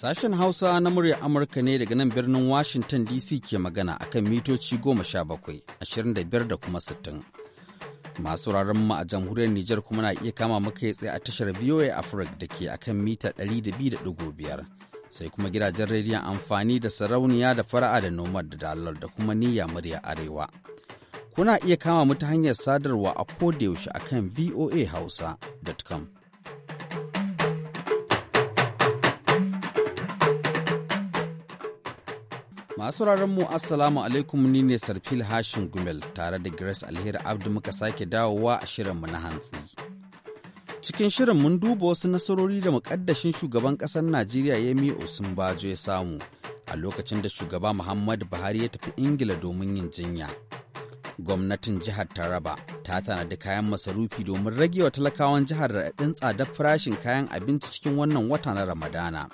Sashen Hausa na muryar Amurka ne daga nan birnin Washington DC ke magana akan mitoci goma sha bakwai, ashirin da biyar da kuma sittin. Masu wuraren mu a jamhuriyar Nijar kuma na iya kama muka tsaye a tashar VOA Africa da ke akan mita ɗari da da biyar. Sai kuma gidajen rediyon amfani da sarauniya da fara'a da nomad da dalar da kuma niyya murya arewa. Kuna iya kama mu ta hanyar sadarwa a kodayaushe akan hausacom Masu mu Assalamu alaikum ni ne Sarfil Hashin Gumel tare da Grace Alheri Abdu muka sake dawowa a shirinmu na hantsi. Cikin shirin mun duba wasu nasarori da mukaddashin shugaban ƙasar Najeriya ya Yemi Osinbajo ya samu a lokacin da shugaba Muhammadu Buhari ya tafi Ingila domin yin jinya. Gwamnatin jihar Taraba ta tanadi kayan masarufi domin ragewa wa talakawan jihar raɗaɗin tsadar farashin kayan abinci cikin wannan wata na Ramadana.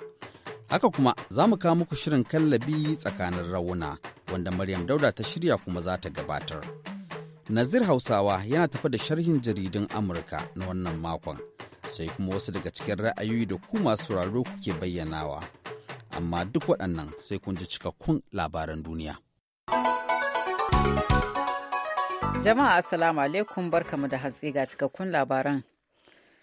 Haka kuma za mu kawo muku shirin kallabi tsakanin rauna wanda Maryam Dauda ta shirya kuma za ta gabatar. Nazir Hausawa yana tafi da sharhin jaridun Amurka na wannan makon, sai kuma wasu daga cikin ra'ayoyi da ku masu raro kuke bayyanawa. Amma duk waɗannan sai kun ji cikakkun labaran duniya. Jama'a Assalamu alaikum barkamu da hatsi ga cikakkun labaran.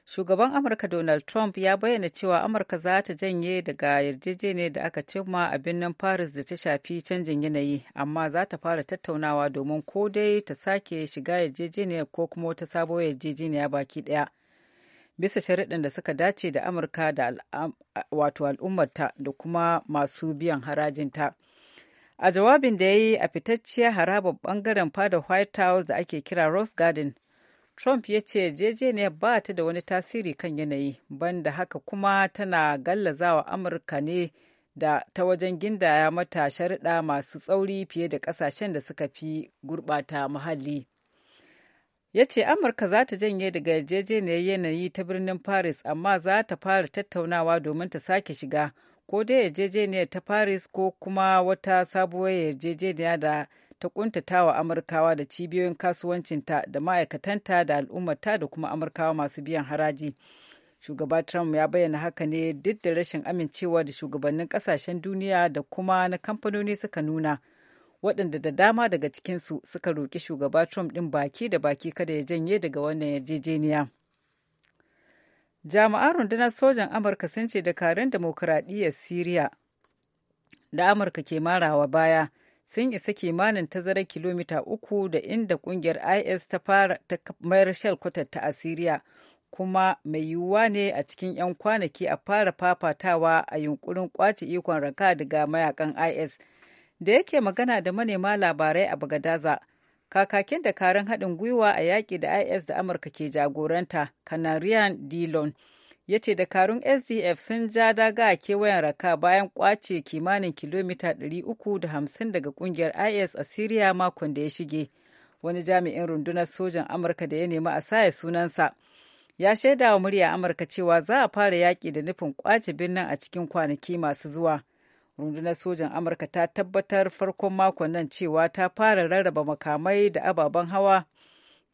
shugaban amurka donald trump ya bayyana cewa amurka za ta janye daga yarjejeniyar da aka cimma a birnin paris da ta shafi canjin yanayi amma za ta fara tattaunawa domin ko dai ta sake shiga yarjejeniyar ko kuma wata sabo yarjejeniya baki daya bisa sharaɗin da suka dace da amurka da wato al'ummarta da kuma masu biyan harajinta a jawabin da ya yi a fitacciyar harabar bangaren fada white house da ake kira rose garden Trump ya ce yarjejeniyar ba ta da wani tasiri kan yanayi, banda haka kuma tana gallazawa Amurka ne da ta wajen gindaya mata sharuɗa masu tsauri fiye da ƙasashen da suka fi gurɓata muhalli. Ya ce Amurka za ta janye daga yarjejeniyar yanayi ta birnin Paris, amma za ta fara tattaunawa domin ta sake shiga, ko dai yarjejeniyar ta Paris ko kuma wata sabuwar yarjejeniya da ta ƙuntatawa amurkawa da cibiyoyin kasuwancinta da ma'aikatanta da al'ummata da kuma amurkawa masu biyan haraji shugaba trump ya bayyana haka ne duk da rashin amincewa da shugabannin kasashen duniya da kuma na kamfanoni suka nuna waɗanda da dama daga cikinsu suka roƙi shugaba trump ɗin baki da baki kada ya janye daga wannan yarjejeniya jami'an rundunar sojan amurka sun ce dakarun demokuraɗiyyar syria da amurka ke marawa baya sun isa kimanin tazarar kilomita uku da inda kungiyar is ta fara ta mayar shalkwatar ta asiriya kuma mai yiwuwa ne a cikin 'yan kwanaki a fara fafatawa a yunkurin kwace ikon raka daga mayakan is da yake magana da manema labarai a bagadaza kakakin da karen haɗin gwiwa a yaƙi da is da amurka ke jagoranta canarian dillon ya ce dakarun sdf sun ja daga a kewayen raka bayan kwace kimanin kilomita 350 daga kungiyar is a syria makon da ya shige wani jami'in rundunar sojan amurka da ya nemi a saya sunansa ya shaida wa murya amurka cewa za a fara yaƙi da nufin kwace birnin a cikin kwanaki masu zuwa rundunar sojan amurka ta tabbatar farkon makon nan cewa ta fara rarraba makamai da ababen hawa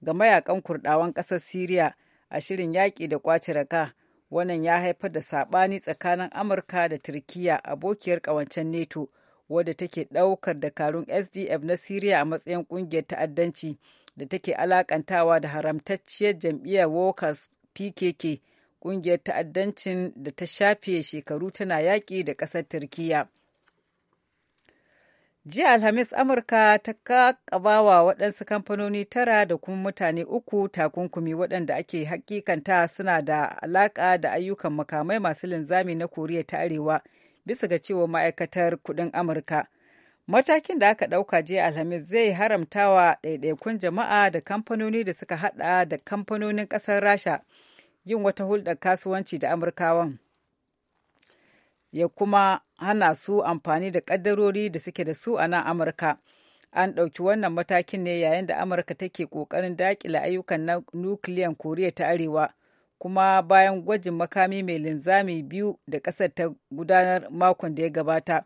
ga mayakan kurdawan ƙasar syria a shirin yaƙi da kwace raka wannan ya haifar da saɓani tsakanin amurka da turkiya abokiyar ƙawancen neto wadda take ɗaukar dakarun sdf na siriya a matsayin ƙungiyar ta'addanci da take alakantawa da haramtacciyar jam'iyyar workers pkk ƙungiyar ta'addancin da ta shafe shekaru tana yaƙi da ƙasar turkiya jiya alhamis amurka ta wa waɗansu kamfanoni tara da kuma mutane uku takunkumi waɗanda ake hakikanta suna da alaƙa da ayyukan makamai masu linzami na koriya ta arewa bisa ga cewa ma'aikatar kuɗin amurka matakin da aka ɗauka jiya alhamis zai haramtawa ɗaiɗaikun jama'a da kamfanoni da suka haɗa da kamfanonin ƙasar rasha yin wata hulɗar kasuwanci da amurkawan ya kuma hana su amfani da ƙaddarori da suke da su a nan amurka an ɗauki wannan matakin ne yayin da amurka take ƙoƙarin daƙila ayyukan nukiliyan koriya ta arewa kuma bayan gwajin makami mai linzami biyu da ƙasar ta gudanar makon da ya gabata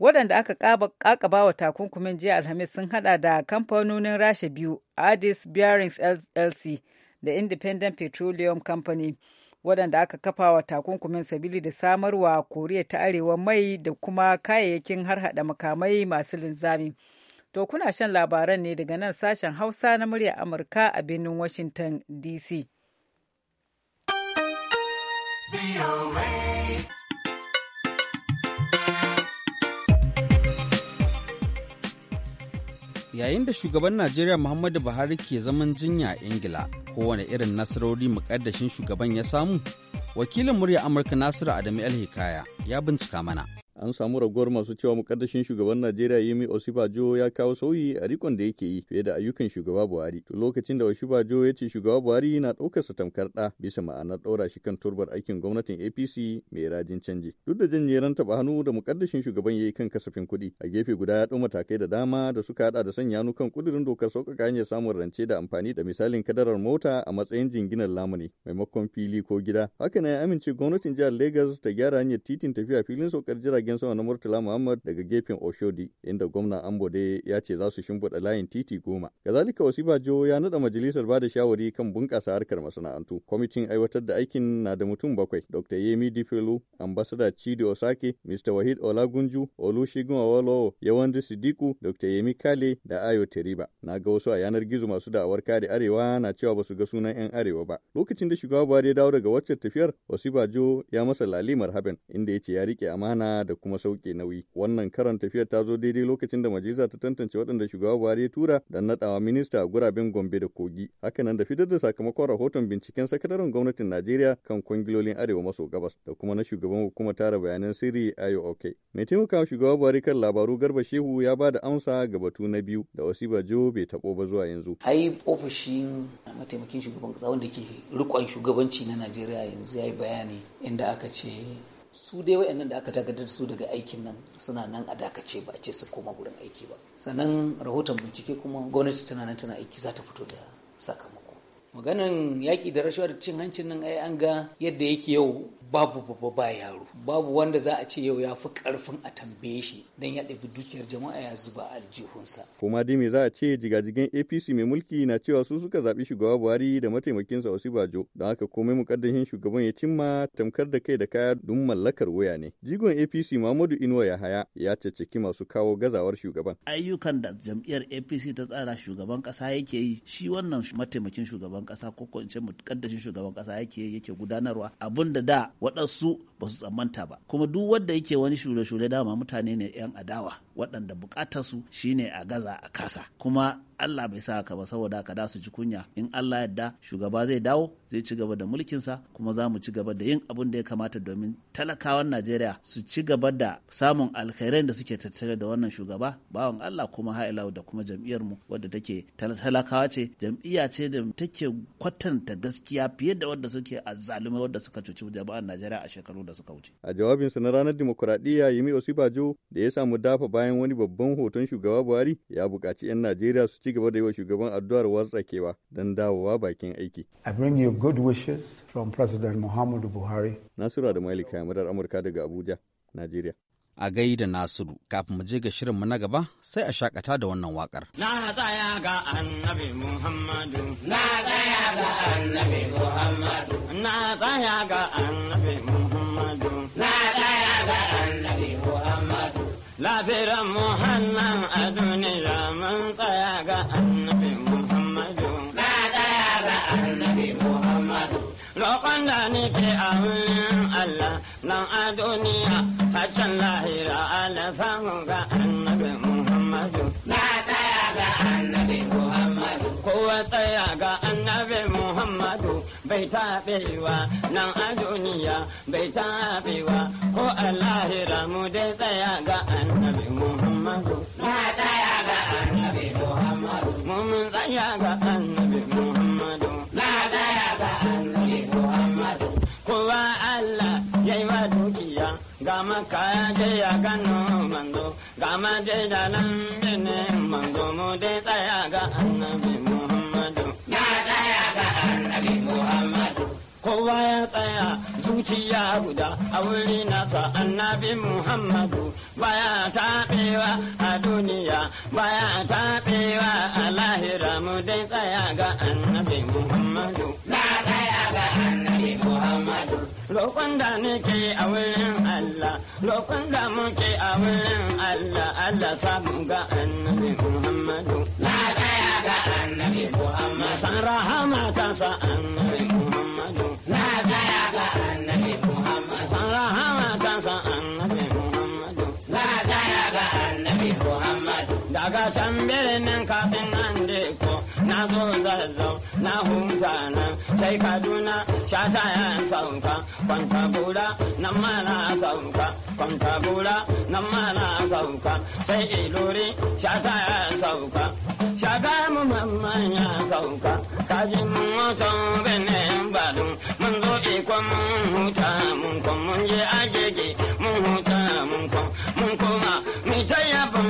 waɗanda aka ƙaƙaba wa takunkumin jiya alhamis sun hada da kamfanonin rasha biyu addis bearings llc da independent petroleum company waɗanda aka kafa wa takunkumin sabili da samarwa koriya ta arewa mai da kuma kayayyakin har harhaɗa makamai masu linzami to kuna shan labaran ne daga nan sashen hausa na murya amurka a birnin washington dc yayin da shugaban najeriya muhammadu buhari ke zaman jinya a ingila kowane irin nasarori mukaddashin shugaban ya samu wakilin murya amurka nasiru adamu el hikaya ya bincika mana an samu raguwar masu cewa mukaddashin shugaban Najeriya Yemi Osibajo ya kawo sauyi a rikon da yake yi fiye da ayyukan shugaba Buhari. To lokacin da Osibajo ya ce shugaba Buhari na ɗaukar sa tamkar ɗa bisa ma'anar ɗora shi kan turbar aikin gwamnatin APC mai rajin canji. Duk da janyeren taɓa hannu da mukaddashin shugaban ya yi kan kasafin kuɗi a gefe guda ya ɗau matakai da dama da suka haɗa da sanya hannu kan ƙudurin dokar sauƙaƙa hanyar samun rance da amfani da misalin kadarar mota a matsayin jinginar lamuni maimakon fili ko gida. Haka na ya amince gwamnatin jihar Legas ta gyara hanyar titin tafiya filin saukar jiragen jirgin sama na Murtala Muhammad daga gefen Oshodi inda gwamnan Ambode ya ce za su shimfiɗa layin titi goma. Kazalika wasu bajo ya naɗa majalisar bada shawari kan bunƙasa harkar masana'antu. Kwamitin aiwatar da aikin na da mutum bakwai Dr. Yemi Dipelu, Ambassador Chidi Osake, Mr. Wahid Olagunju, Olusegun Awolowo, Yawande Sidiku, Dr. Yemi Kale da Ayo Teriba. Na ga wasu a yanar gizo masu da'awar kare Arewa na cewa ba su ga sunan 'yan Arewa ba. Lokacin da shugaba Buhari ya dawo daga waccan tafiyar, wasu bajo ya masa lalimar haben inda ya ce ya riƙe amana da kuma sauke nauyi. Wannan karan tafiyar ta zo daidai lokacin da majalisa ta tantance waɗanda shugaba Buhari ya tura da naɗawa minista a guraben Gombe da Kogi. haka nan da fitar da sakamakon rahoton binciken sakataren gwamnatin Najeriya kan kwangilolin Arewa maso gabas da kuma na shugaban hukumar tara bayanan sirri IOK. Mai taimakawa shugaba Buhari kan labaru Garba Shehu ya ba da amsa ga batu na biyu da ba Jo bai taɓo ba zuwa yanzu. Ai ofishin mataimakin shugaban ƙasa wanda ke rikon shugabanci na Najeriya yanzu ya yi bayani inda aka ce su dai wayannan da aka dakatar su daga aikin nan suna nan a dakace ba a ce su koma gurin aiki ba sannan rahoton bincike kuma gwamnati tana nan tana aiki za ta fito da sakamako Maganin yaƙi da rashawa da cin hancin nan ai an ga yadda yake yau babu babba ba yaro babu wanda za a ce yau ya fi karfin a tambaye shi don ya ɗabi dukiyar jama'a ya zuba aljihunsa. Kuma dai me za a ce jigajigan APC mai mulki na cewa su suka zaɓi shugaba Buhari da mataimakinsa Osibajo don haka komai muƙaddashin shugaban ya cimma tamkar da kai da kaya don mallakar waya ne. Jigon APC mamadu Inuwa ya haya ya ceceki masu kawo gazawar shugaban. Ayyukan da jam'iyyar APC ta tsara shugaban ƙasa yake yi shi wannan mataimakin shugaban ƙasa ko ko in ce shugaban ƙasa yake yake gudanarwa abun da da waɗansu ba su tsammanta ba kuma duk wanda yake wani shure-shure dama mutane ne 'yan adawa waɗanda buƙatar su shine a gaza a kasa kuma Allah bai sa ka ba saboda ka da su ji kunya in Allah yadda shugaba zai dawo zai ci gaba da mulkinsa kuma za mu ci gaba da yin abin da ya kamata domin talakawan najeriya su ci gaba da samun alkhairan da suke tattare da wannan shugaba bawan allah kuma ha'ilau da kuma jam'iyyar mu wadda take talakawa ce jam'iyya ce da take kwatanta gaskiya fiye da wadda suke azzalumai wadda suka cuci jama'ar najeriya a shekaru da suka wuce a jawabinsa na ranar dimokuraɗiyya yimi osibajo da ya samu dafa bayan wani babban hoton shugaba buhari ya buƙaci 'yan najeriya su ci gaba da yi wa shugaban addu'ar watsakewa don dawowa bakin aiki good wishes from President Muhammadu Buhari. Nasiru da Malika murar Amurka daga Abuja, Najeriya. A da Nasiru, kafin mu je ga shirinmu na gaba sai a shakata da wannan wakar. Na tsaya ga annabi Muhammadu. Na tsaya ga annabi Muhammadu. Na tsaya ga annabi Muhammadu. Na tsaya ga annabi Muhammadu. Lafiyar Muhammadu a duniya mun tsaya ga annabi Muhammadu. roƙon da nake a wurin Allah nan a duniya facen lahira ala samu ga annabi Muhammadu. Na tsaya ga annabi Muhammadu. Kowa tsaya ga annabi Muhammadu bai taɓewa nan a duniya bai taɓewa ko a lahira mu dai tsaya ga gama kaje ya gano manzo gama je da lambin manzo mu de tsaya ga annabi muhammadu na tsaya ga annabi muhammadu kowa ya tsaya zuciya guda a wuri nasa annabi muhammadu baya taɓewa a duniya baya taɓewa a lahira mu dai tsaya ga annabi muhammadu na lokon da muke a wurin Allah lokon da muke a wurin Allah Allah samu ga annabi Muhammadu na ya ga annabi Muhammadu san rahama ta sa annabi Muhammadu na ya ga annabi Muhammadu san rahama ta sa annabi Muhammadu na ya ga annabi Muhammadu daga can birnin kafin nan ko na zo zazzau na hunta na sai kaduna shata ya sauka kwanta gora nan ma na sauka kwanta gora nan ma na sauka sai ilori shata ya sauka shata mu mamman ya sauka kaji mun wato bene badun mun zo ikon mun huta mun kon mun je agege mun huta mun kon mun koma mi ta yabon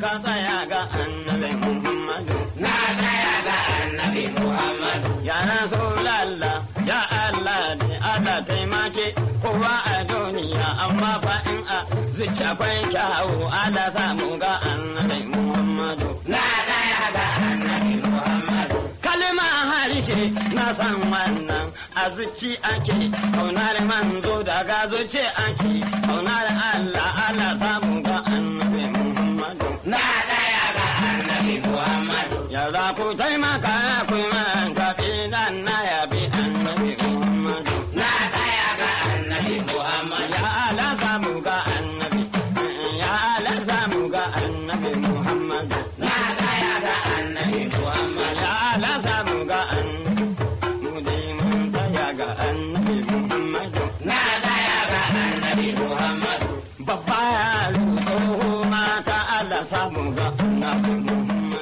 ka tsaya ga annabi Muhammadu. Na tsaya ga annabi Muhammadu. Ya Rasulallah, ya Allah ne Allah taimake kowa a duniya amma fa in a zuciya kwai kyawu Allah samu ga annabi Muhammadu. Na tsaya ga annabi Muhammadu. Kalima harshe na san wannan a zuci ake kaunar manzo daga zuci ake kaunar Allah Allah samu ga annabi Muhammadu. Muhammadu. Na ɗaya ga annabi Muhammadu. Yarda ku taimaka ku ma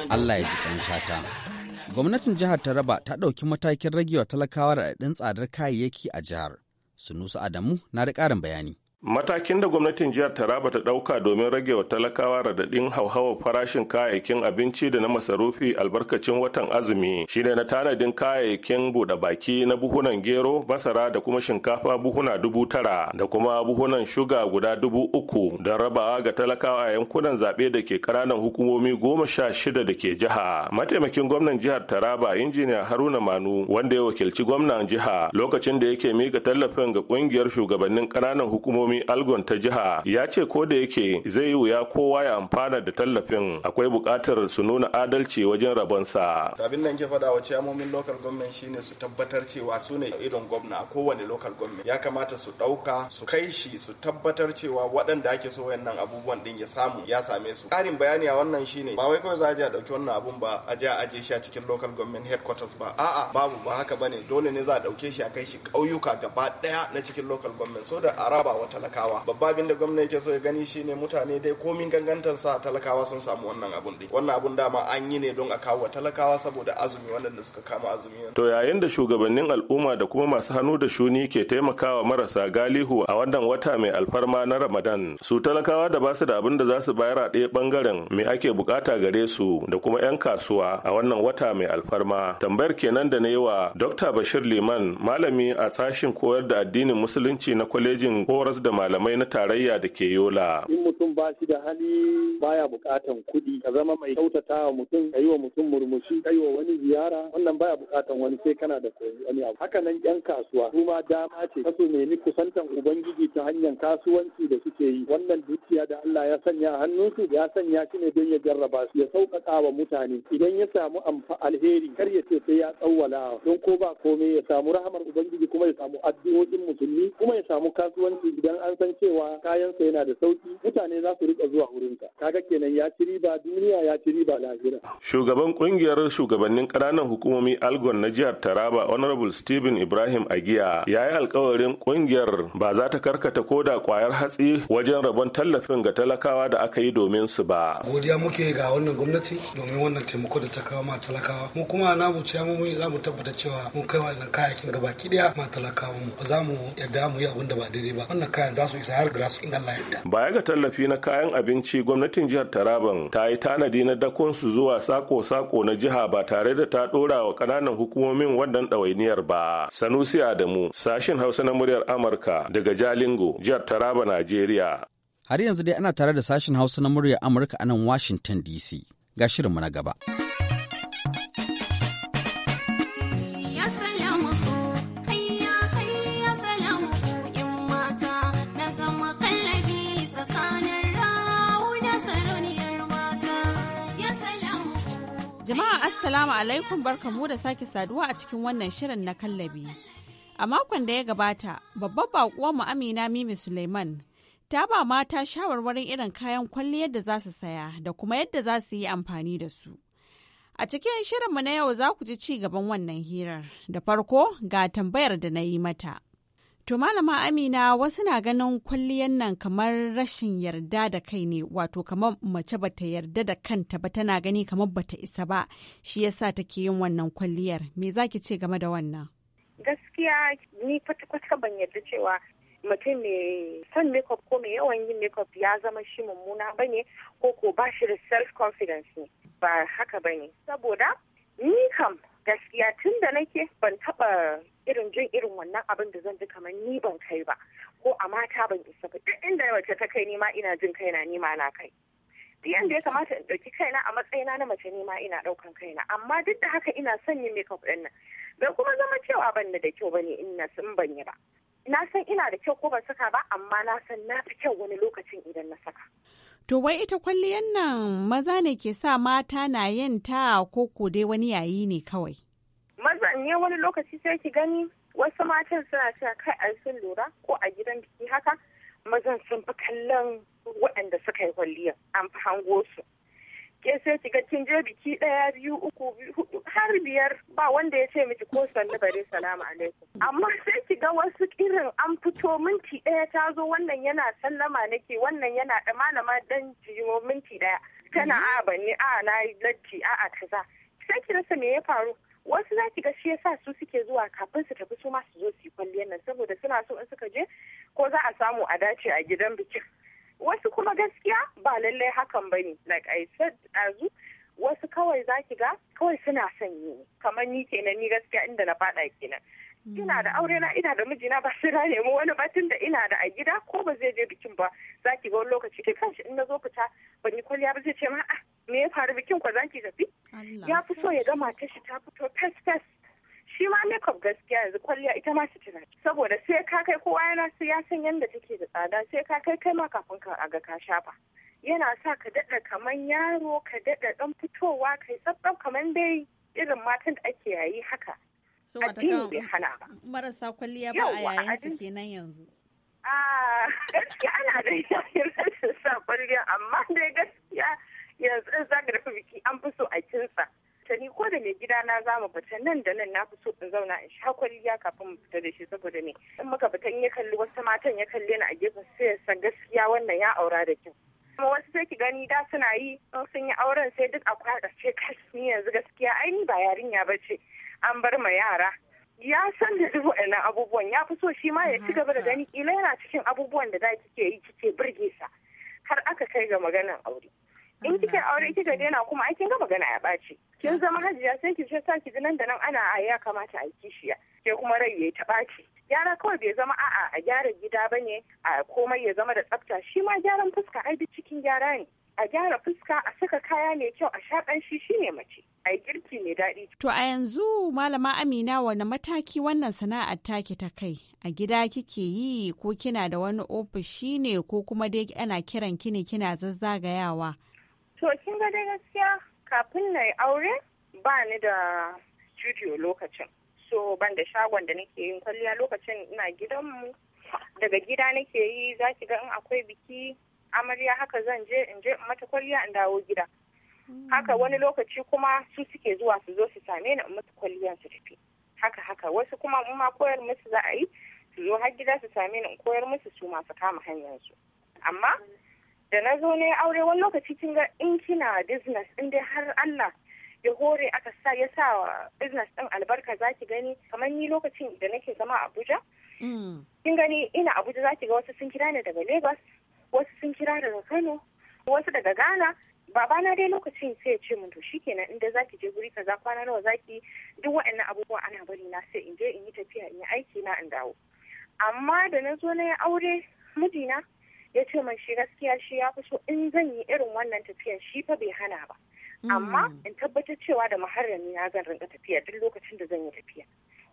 Allah ya ji shata. Gwamnatin jihar Taraba ta ɗauki matakin ragewa talakawa raɗaɗin tsadar kayayyaki a jihar. Sunusa Adamu na da ƙarin bayani. matakin da gwamnatin jihar taraba ta ɗauka domin rage wa talakawa radadin hauhawar farashin kayayyakin abinci da na masarufi albarkacin watan azumi shine na tanadin kayayyakin buɗe baki na buhunan gero basara, da kuma shinkafa buhuna dubu tara da kuma buhunan shuga guda dubu uku don rabawa ga talakawa a yankunan zaɓe da ke ƙananan hukumomi goma sha shida da ke jiha mataimakin gwamnan jihar taraba injiniya haruna manu wanda ya wakilci gwamnan jiha lokacin da yake mika tallafin ga ƙungiyar shugabannin ƙananan hukumomi hukumomi algon ta jiha ya ce ko da yake zai yi wuya kowa ya amfana da tallafin akwai buƙatar su nuna adalci wajen rabon sa abin da ke faɗa wa ciyamomin local government shine su tabbatar cewa su ne idon gwamna a kowane local government ya kamata su ɗauka su kai shi su tabbatar cewa waɗanda ake so wayannan abubuwan din ya samu ya same su ƙarin bayani a wannan shine ba wai kawai za a je a ɗauki wannan abun ba a je a aje shi a cikin local government headquarters ba a'a babu ba haka bane dole ne za a ɗauke shi a kai shi ƙauyuka gaba ɗaya na cikin local government so da araba wata talakawa babba abin da gwamnati ke so ya gani shine mutane dai komin gangantar sa talakawa sun samu wannan abun dai wannan abun dama an yi ne don a kawo talakawa saboda azumi da suka kama azumi to yayin da shugabannin al'umma da kuma masu hannu da shuni ke taimakawa marasa galihu a wannan wata mai alfarma na ramadan su talakawa da basu da abin da za su bayar a ɗaya bangaren me ake bukata gare su da kuma 'yan kasuwa a wannan wata mai alfarma tambayar kenan da na yi wa dr bashir liman malami a sashin koyar da addinin musulunci na kwalejin horas da da malamai na tarayya da ke Yola. In mutum ba shi da hali baya bukatan kuɗi ka zama mai kyautata wa mutum ka yi wa mutum murmushi ka wa wani ziyara wannan baya bukatan wani sai kana da koyi wani abu. Haka nan 'yan kasuwa su ma dama ce kasu nemi kusantan Ubangiji ta hanyar kasuwanci da suke yi wannan dukiya da Allah ya sanya Hannun su ya sanya shi ne don ya jarraba su ya sauƙaƙa wa mutane idan ya samu amfa alheri kar ya ce sai ya tsawwala don ko ba komai ya samu rahamar Ubangiji kuma ya samu addu'o'in musulmi kuma ya samu kasuwanci idan an san cewa kayansa yana da sauki mutane za su rika zuwa wurinka kaga kenan ya ci riba duniya ya ci riba lahira shugaban kungiyar shugabannin ƙananan hukumomi algon na jihar taraba honorable stephen ibrahim agiya ya yi alkawarin kungiyar ba za ta karkata koda kwayar hatsi wajen rabon tallafin ga talakawa da aka yi domin su ba godiya muke ga wannan gwamnati domin wannan taimako da ta kawo ma talakawa mu kuma na mu ce, mu za mu tabbata cewa mun kai wa kayakin gaba ki daya ma talakawa mu ba za mu yadda mu yi abin da ba daidai ba wannan kayan nan za su isa har gras in Allah yarda baya ga tallafi na kayan abinci gwamnatin jihar Taraban ta yi tanadi na dakon su zuwa sako-sako na jiha ba tare da ta dora wa kananan hukumomin wannan ɗawainiyar ba Sanusi Adamu sashin Hausa na muryar Amurka daga Jalingo jihar Taraba Najeriya har yanzu dai ana tare da sashin Hausa na muryar Amurka a nan Washington DC ga shirinmu na gaba. assalamu alaikum barkamu da sake saduwa a cikin wannan shirin na kallabi. A makon da ya gabata, babbar baƙuwar mu Amina Mimi Suleiman ta ba mata shawarwarin irin kayan kwalli yadda za su saya da kuma yadda za su yi amfani da su. A cikin shirinmu na yau za ku ji ci gaban wannan hirar. Da farko ga tambayar da na yi mata. To Malama Amina wasu na ganin kwalliyan nan kamar rashin yarda da kai ne wato kamar mace bata yarda da kanta ba tana gani kamar bata isa ba shi yasa take yin wannan kwalliyar me zaki ce game da wannan Gaskiya ni kwata-kwata ban yarda cewa mutum mai son makeup ko mai yawan yin makeup ya zama shi mummuna bane ko ko ba shi da self confidence ne ba haka bane saboda ni kam gaskiya tun da nake ban taba irin jin irin wannan abin da zan ji kamar ni ban kai ba ko a mata ban isa ba duk inda mace ta kai nima ina jin kaina nima na kai duk yanda ya kamata in ɗauki kaina a matsayina na mace nima ina ɗaukan kaina amma duk da haka ina son yin makeup ɗin nan bai kuma zama cewa ban da kyau bane in na sun ban yi ba na san ina da kyau ko ban saka ba amma na san na fi kyau wani lokacin idan na saka To wai ita kwalliyan nan maza ne ke sa mata na yin ta ko ko dai wani yayi ne kawai. Mazan ne wani lokaci sai ki gani wasu matan suna cewa kai a sun lura ko a gidan biki haka mazan sun fi kallon waɗanda suka yi kwalliyan an fi hango su. ke sai ga kin je biki ɗaya biyu uku hudu har biyar ba wanda ya ce miki ko sannu bare salamu alaikum amma sai ga wasu irin an fito minti ɗaya ta zo wannan yana sallama nake wannan yana da malama dan jiwo minti ɗaya tana a banni a na latti a a kaza sai ki rasa me ya faru wasu za ki ga shi yasa su suke zuwa kafin su tafi su ma su zo su yi kwalliyar nan saboda suna so in suka je ko za a samu a dace a gidan bikin wasu kuma gaskiya ba lallai hakan ba ne like i said ɗazu wasu kawai za ki ga kawai suna son yi kamar ni kenan ni gaskiya inda na faɗa kenan ina da aure na ina da mijina ba sai na nemi wani batun da ina da a gida ko ba zai je bikin ba za ki ga wani lokaci ke kanshi in na zo fita ban yi kwalliya ba zai ce ma a ah, me ya faru bikin ko za ki tafi ya fi so ya gama tashi shi ta fito fes fes shi ma makeup gaskiya yanzu kwalliya ita ma sutura saboda sai ka kai kowa yana sai ya san yadda take da tsada sai ka kai kai ma kafin ka aga ka shafa yana sa ka daɗa kamar yaro ka daɗa ɗan fitowa kai tsabtsab kamar dai irin matan da ake yayi haka addini bai hana ba marasa kwalliya ba a yayin su kenan yanzu ah, gaskiya ana da yayin rashin sa kwalliya amma dai gaskiya yanzu in zaka biki an fi so a kinsa fita ni ko da mai gida na za mu fita nan da nan na fi so in zauna in sha kwalliya kafin mu fita da shi saboda me in muka fita in ya kalli wasu matan ya kalle ni a gefen sai ya san gaskiya wannan ya aura da kyau kuma wasu sai ki gani da suna yi in sun yi auren sai duk a kwaɗa ce kai yanzu gaskiya ai ni ba yarinya ba ce an bar ma yara ya san da duk waɗannan abubuwan ya fi so shi ma ya ci gaba da gani kila yana cikin abubuwan da za kike yi kike burge sa har aka kai ga maganar aure in kika aure kika daina kuma ai kin ga magana ya ɓaci kin zama hajiya sai ki sa ki nan da nan ana a ya kamata a kishiya ke kuma rai ya ta ɓaci gyara kawai bai zama a'a a gyara gida bane a komai ya zama da tsafta shi ma gyaran fuska ai duk cikin gyara ne a gyara fuska a saka kaya mai kyau a sha shi shine mace a girki mai daɗi. To a yanzu malama Amina wani mataki wannan sana'ar take ta kai a gida kike yi ko kina da wani ofishi ne ko kuma dai ana kiran kini kina zazzagayawa. To kin ga dai gaskiya kafin na yi aure ba ni da studio lokacin. So ban da shagon da nake yin kwalliya lokacin ina gidanmu. Daga gida nake yi za ki ga in akwai biki amarya haka zan je in je mata kwalliya in dawo gida. Haka wani lokaci kuma su suke zuwa su zo su same ni in mata kwalliyan su tafi. Haka haka wasu kuma in ma koyar musu za a yi su zo har gida su same ni in koyar musu su masu kama hanyar su. Amma da na zo ne aure wani lokaci kin ga in kina business in dai har Allah ya hore aka sa ya sa business din albarka zaki gani kamar ni lokacin da nake zama a Abuja mm. kin gani ina Abuja zaki ga wasu sun kira ni daga Lagos wasu sun kira daga Kano wasu daga Ghana babana dai lokacin sai ya ce mun to shikenan inda zaki je guri kaza kwana nawa zaki duk waɗannan abubuwa ana bari na sai in je in yi tafiya in yi aiki na in dawo amma da na zo na ya aure mijina ya ce man shi gaskiya shi ya fi so in zan yi irin wannan tafiyar shi fa bai hana ba hmm. amma in tabbatar cewa da muharrami na zan rinka tafiya duk lokacin da zan yi tafiya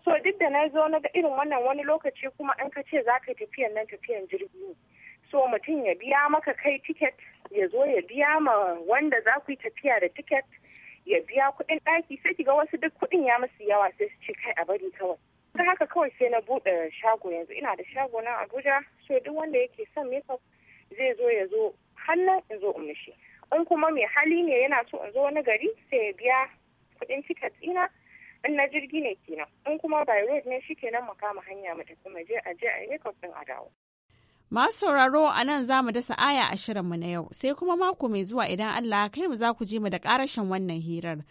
so duk da na zo na ga irin wannan wani lokaci kuma an ka ce za ka yi tafiyan nan tafiyan jirgi ne so mutum ya biya maka kai tiket ya zo ya biya ma wanda za ku yi tafiya da tiket ya biya kuɗin ɗaki sai ki ga wasu duk kuɗin ya masu yawa sai su ce kai a bari kawai ta haka kawai sai na buɗe shago yanzu ina da shago na abuja so duk wanda yake son makeup zai zo ya zo hannun in zo in mishi in kuma mai hali ne yana so in zo wani gari sai ya biya kudin tiket ina in na jirgi ne kenan in kuma by road ne kenan mu kama hanya mu tafi mu je a je a yi makeup din a dawo Masu sauraro a nan za mu dasa aya a shirinmu na yau sai kuma mako mai zuwa idan Allah kai mu za ku ji mu da ƙarashin wannan hirar.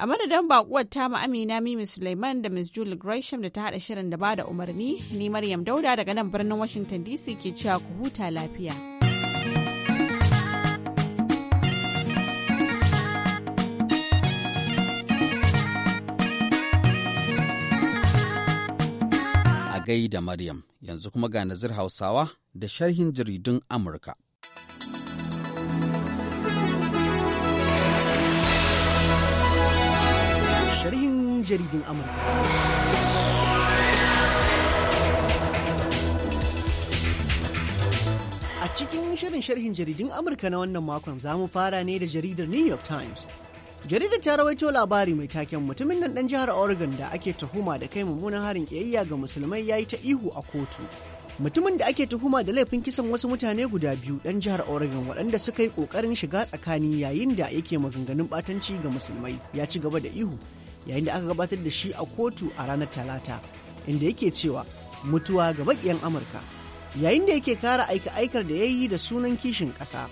A madadin bakuwar ma Amina Mimi Suleiman da Ms Julie Gresham da ta haɗa shirin da ba da umarni, ni Maryam Dauda daga nan birnin Washington DC ke cewa ku huta lafiya. A gaida Maryam, yanzu kuma ga Nazir Hausawa da sharhin jaridun Amurka. jaridin Amurka. A cikin shirin sharhin jaridun Amurka na wannan makon za mu fara ne da jaridar New York Times. Jaridar ta rawaito labari mai taken mutumin nan ɗan jihar Oregon da ake tuhuma da kai mummunan harin ƙiyayya ga musulmai ya yi ta ihu a kotu. mutumin da ake tuhuma da laifin kisan wasu mutane guda biyu ɗan jihar Oregon waɗanda suka yi ƙoƙarin shiga tsakani yayin da yake maganganun ɓatanci ga musulmai ya ci gaba da ihu yayin da aka gabatar da shi a kotu a ranar talata inda yake cewa mutuwa ga bakiyan amurka yayin da yake kara aika-aikar da ya yi da sunan kishin ƙasa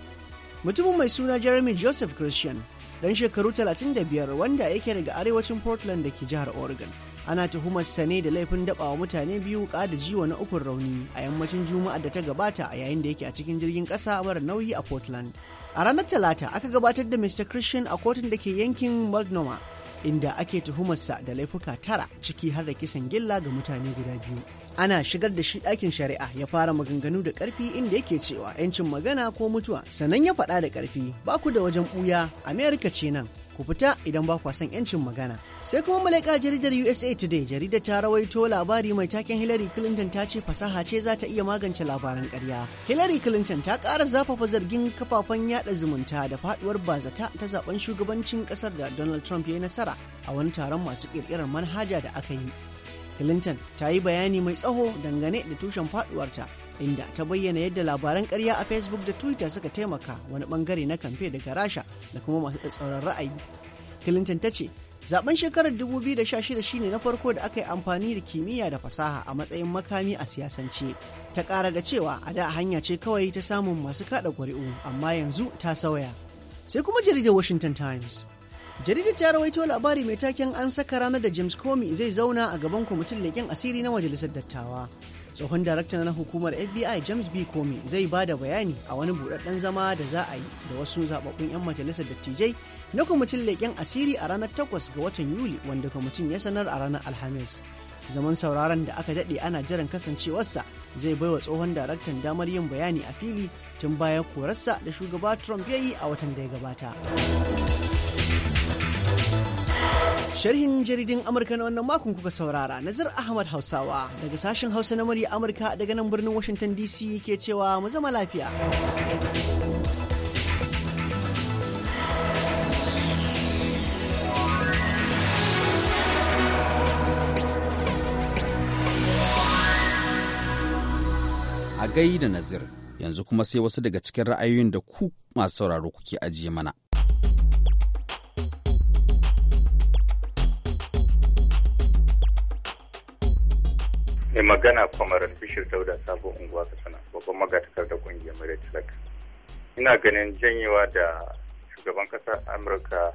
mutumin mai suna jeremy joseph christian dan shekaru 35 wanda yake daga arewacin portland da ke jihar oregon ana tuhumar sa ne da laifin dabawa mutane biyu da jiwa na ukun rauni a yammacin juma'a da ta gabata a yayin da yake a cikin jirgin ƙasa mara nauyi a portland a ranar talata aka gabatar da mr christian a kotun da ke yankin multnomah inda ake tuhumarsa da laifuka tara ciki har da kisan gilla ga mutane guda biyu ana shigar da shi ɗakin shari'a ya fara maganganu da ƙarfi inda yake cewa 'yancin magana ko mutuwa sannan ya faɗa da ƙarfi ba ku da wajen ɓuya amerika ce nan ku fita idan ba kwa son 'yancin magana. Sai kuma malaika jaridar USA Today jaridar ta rawaito labari mai taken Hillary Clinton ta ce fasaha ce za ta iya magance labaran ƙarya. Hillary Clinton ta ƙara zafafa zargin kafafen yada zumunta da faduwar bazata ta zaben shugabancin ƙasar da Donald Trump ya yi nasara a wani taron masu ƙirƙirar manhaja da aka yi. Clinton ta yi bayani mai tsaho dangane da tushen faduwarta inda ta bayyana yadda labaran karya a facebook da twitter suka taimaka wani bangare na kamfe daga rasha da kuma masu tsatsauran ra'ayi clinton ta ce zaben shekarar 2016 shine na farko da aka yi amfani da kimiyya da fasaha a matsayin makami a siyasance ta kara da cewa a da hanya ce kawai ta samun masu kaɗa kuri'u, amma yanzu ta sauya sai kuma jaridar washington times jaridar ta rawaito labari mai taken an saka ranar da james comey zai zauna a gaban kwamitin leƙen asiri na majalisar dattawa tsohon daraktan na hukumar fbi james b comey zai ba da bayani a wani buɗaɗɗen zama da za a yi da wasu zababbun 'yan majalisar dattijai na kwamitin leƙen asiri a ranar 8 ga watan yuli wanda kwamitin ya sanar a ranar alhamis zaman sauraron da aka daɗe ana jiran kasancewarsa zai bai wa tsohon daraktan damar yin bayani a fili tun bayan korarsa da shugaba trump ya yi a watan da ya gabata Sharhin jaridin Amurka na wannan makon kuka saurara Nazar Ahmad Hausawa daga sashen Hausa na murya Amurka daga nan birnin Washington DC ke cewa mu zama lafiya. A gai da Nazir yanzu kuma sai wasu daga cikin ra'ayoyin da ku masu sauraro kuke ajiye mana. mai magana kwamaran bishir dauda sabon unguwa sana babban magatakar da kungiyar mai talaka ina ganin janyewa da shugaban kasar amurka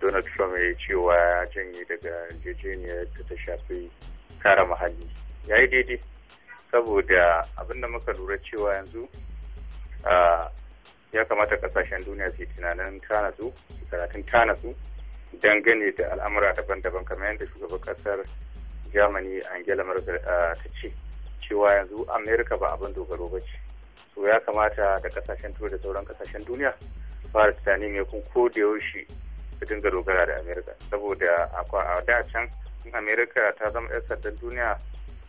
donald trump ya cewa ya janye daga jejeniyar da ta shafi kara muhalli ya yi daidai saboda abinda muka lura cewa yanzu ya kamata kasashen duniya su tunanin tanatsu karatun tanatsu dangane da al'amura daban-daban kamar yadda shugaban kasar germany angela merkel uh, ta ce cewa yanzu america ba abin dogaro ba ce so ya kamata da kasashen turai da sauran kasashen duniya fara tunani mai kun ko da yaushe su dinga dogara da america saboda a da can in america ta zama yar sandan duniya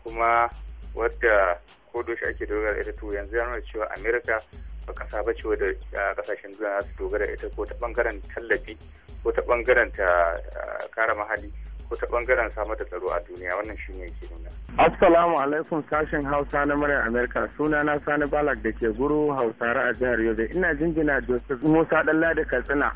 kuma wadda ko da ake dogara ita to yanzu ya nuna cewa america ba kasa ba ce wadda uh, kasashen duniya za su dogara ita ko ta bangaren tallafi ko ta bangaren ta uh, kara mahalli wata ta bangaren samar da tsaro a duniya wannan shi ne ke nuna. Assalamu alaikum sashen Hausa na muryar Amerika suna na Sani Balak da ke guru Hausa a jihar Yobe ina jinjina Joseph Musa Dalla da Katsina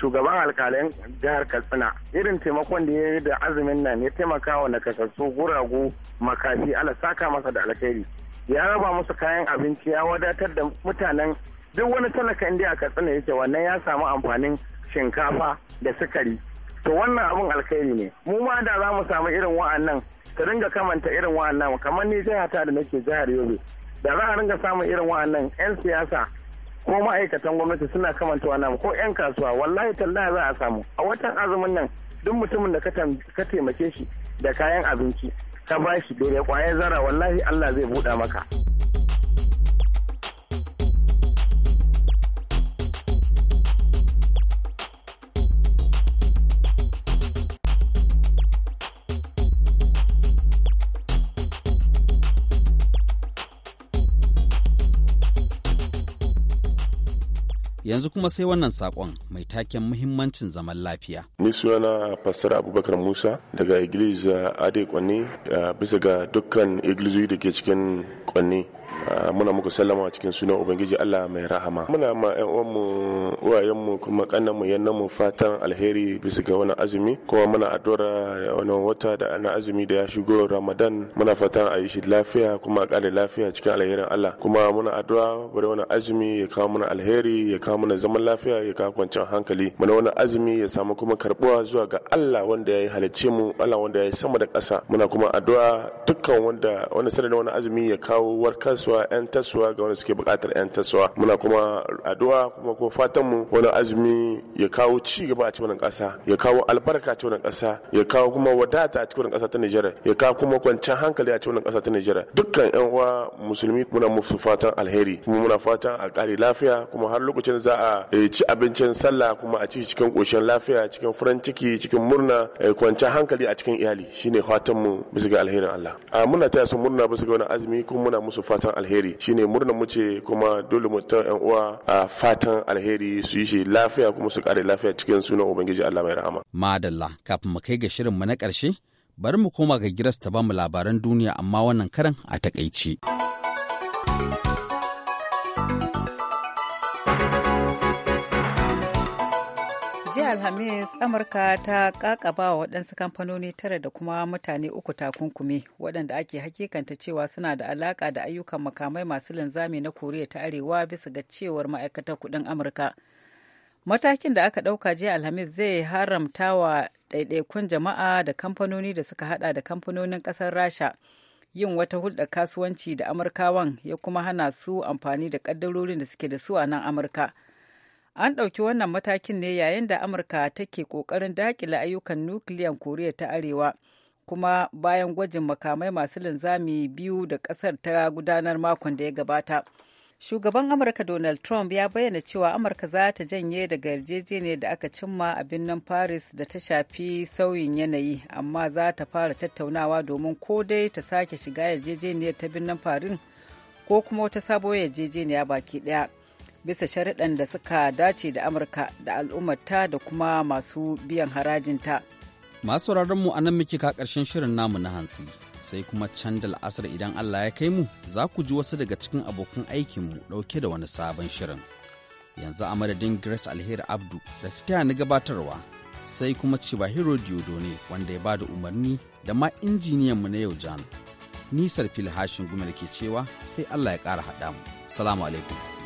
shugaban alkalin jihar katsina irin taimakon da ya yi da azumin nan ya taimaka wa nakasassu guragu makafi ala saka masa da alkhairi ya raba musu kayan abinci ya wadatar da mutanen duk wani talaka inda a katsina yake wannan ya samu amfanin shinkafa da sukari to wannan abin alkhairi ne mu ma da za mu samu irin wa'annan ka dinga kamanta irin wa'annan kamar ni jiha ta da nake jihar yobe da za a ringa samun irin wa'annan 'yan siyasa ko ma'aikatan gwamnati suna kamanta wannan ko 'yan kasuwa wallahi talla za a samu a watan azumin nan duk mutumin da ka taimake shi da kayan abinci ka ba shi daidai kwaye zara wallahi Allah zai buɗa maka. Yanzu kuma sai wannan sakon mai taken muhimmancin zaman lafiya. Ni suna fassara Abubakar Musa daga Iglesia Ade Kwanne bisa ga dukkan iglizoyi da ke cikin Kwanne. Ah, muna muku sallama cikin sunan ubangiji Allah mai rahama muna ma yan uwanmu uwayenmu kuma kannanmu yannanmu fatan alheri bisa ga wani azumi kuma muna adora wani wata da ana azumi da ya shigo Ramadan muna fatan a yi shi lafiya kuma a lafiya cikin alherin Allah kuma muna adora bari wani azumi ya kawo mana alheri ya kawo mana zaman lafiya ya kawo kwanciyar hankali muna wani azumi ya samu kuma karbuwa zuwa ga Allah wanda ya halicce mu Allah wanda ya sama da ƙasa muna kuma adora dukkan wanda wanda sanadin wani azumi ya kawo warkarsu kasuwa 'yan taswa ga wanda suke bukatar 'yan taswa muna kuma addu'a kuma ko fatan mu wani azumi ya kawo ci gaba a cikin ƙasa ya kawo albarka a cikin ƙasa ya kawo kuma wadata a cikin ƙasa ta nijeriya ya kawo kuma kwanciyar hankali a cikin ƙasa ta nijeriya dukkan 'yan uwa musulmi muna musu fatan alheri kuma muna fatan a ƙare lafiya kuma har lokacin za a eh, ci abincin sallah kuma a ci cikin koshin lafiya cikin furan ciki cikin murna eh, kwanciyar hankali a cikin iyali shine fatan mu bisa ga alherin Allah a muna taya su murna bisa ga wani azumi kuma muna musu fatan alheri shine murna mu ce kuma dole mu ta yan uwa a fatan alheri su yi shi lafiya kuma su kare lafiya cikin sunan ubangiji Allah mai rahama madalla kafin mu kai ga shirin mu na karshe bari mu koma ga giras ta bamu labaran duniya amma wannan karan a takaici. alhamis amurka ta kakaba wa waɗansu kamfanoni tara da kuma mutane uku takunkumi waɗanda ake hakikanta cewa suna da alaƙa da ayyukan makamai masu linzami na koriya ta arewa bisa ga cewar ma'aikatar kuɗin amurka matakin da aka ɗauka jiya alhamis zai haramta wa ɗaiɗaikun jama'a da kamfanoni da suka hada da kamfanonin ƙasar rasha yin wata hulɗar kasuwanci da amurkawan ya kuma hana su amfani da ƙaddarorin da suke da su a nan amurka An ɗauki wannan matakin ne yayin da Amurka take ƙoƙarin daƙile ayyukan nukiliyan Koriya ta Arewa, kuma bayan gwajin makamai masu linzami biyu da ƙasar ta gudanar makon da ya gabata. Shugaban Amurka Donald Trump ya bayyana cewa Amurka za ta janye daga yarjejeniyar da aka cimma a birnin Paris da ta shafi sauyin yanayi, amma za ta fara tattaunawa domin ko dai ta sake shiga yarjejeniyar ta birnin Paris ko kuma wata sabuwar yarjejeniya baki ɗaya. bisa sharaɗan da suka dace da amurka da al'ummarta da kuma masu biyan harajinta masu mu a nan muke ka ƙarshen shirin namu na hantsi sai kuma can da la'asar idan allah ya kai mu za ku ji wasu daga cikin abokan aikinmu ɗauke da wani sabon shirin yanzu a madadin grace alheri abdu da fita na ni gabatarwa sai kuma diodo ne wanda ya bada umarni da ma injiniyan mu na yau jan nisar filhashin gumel ke cewa sai allah ya ƙara haɗa mu salamu alaikum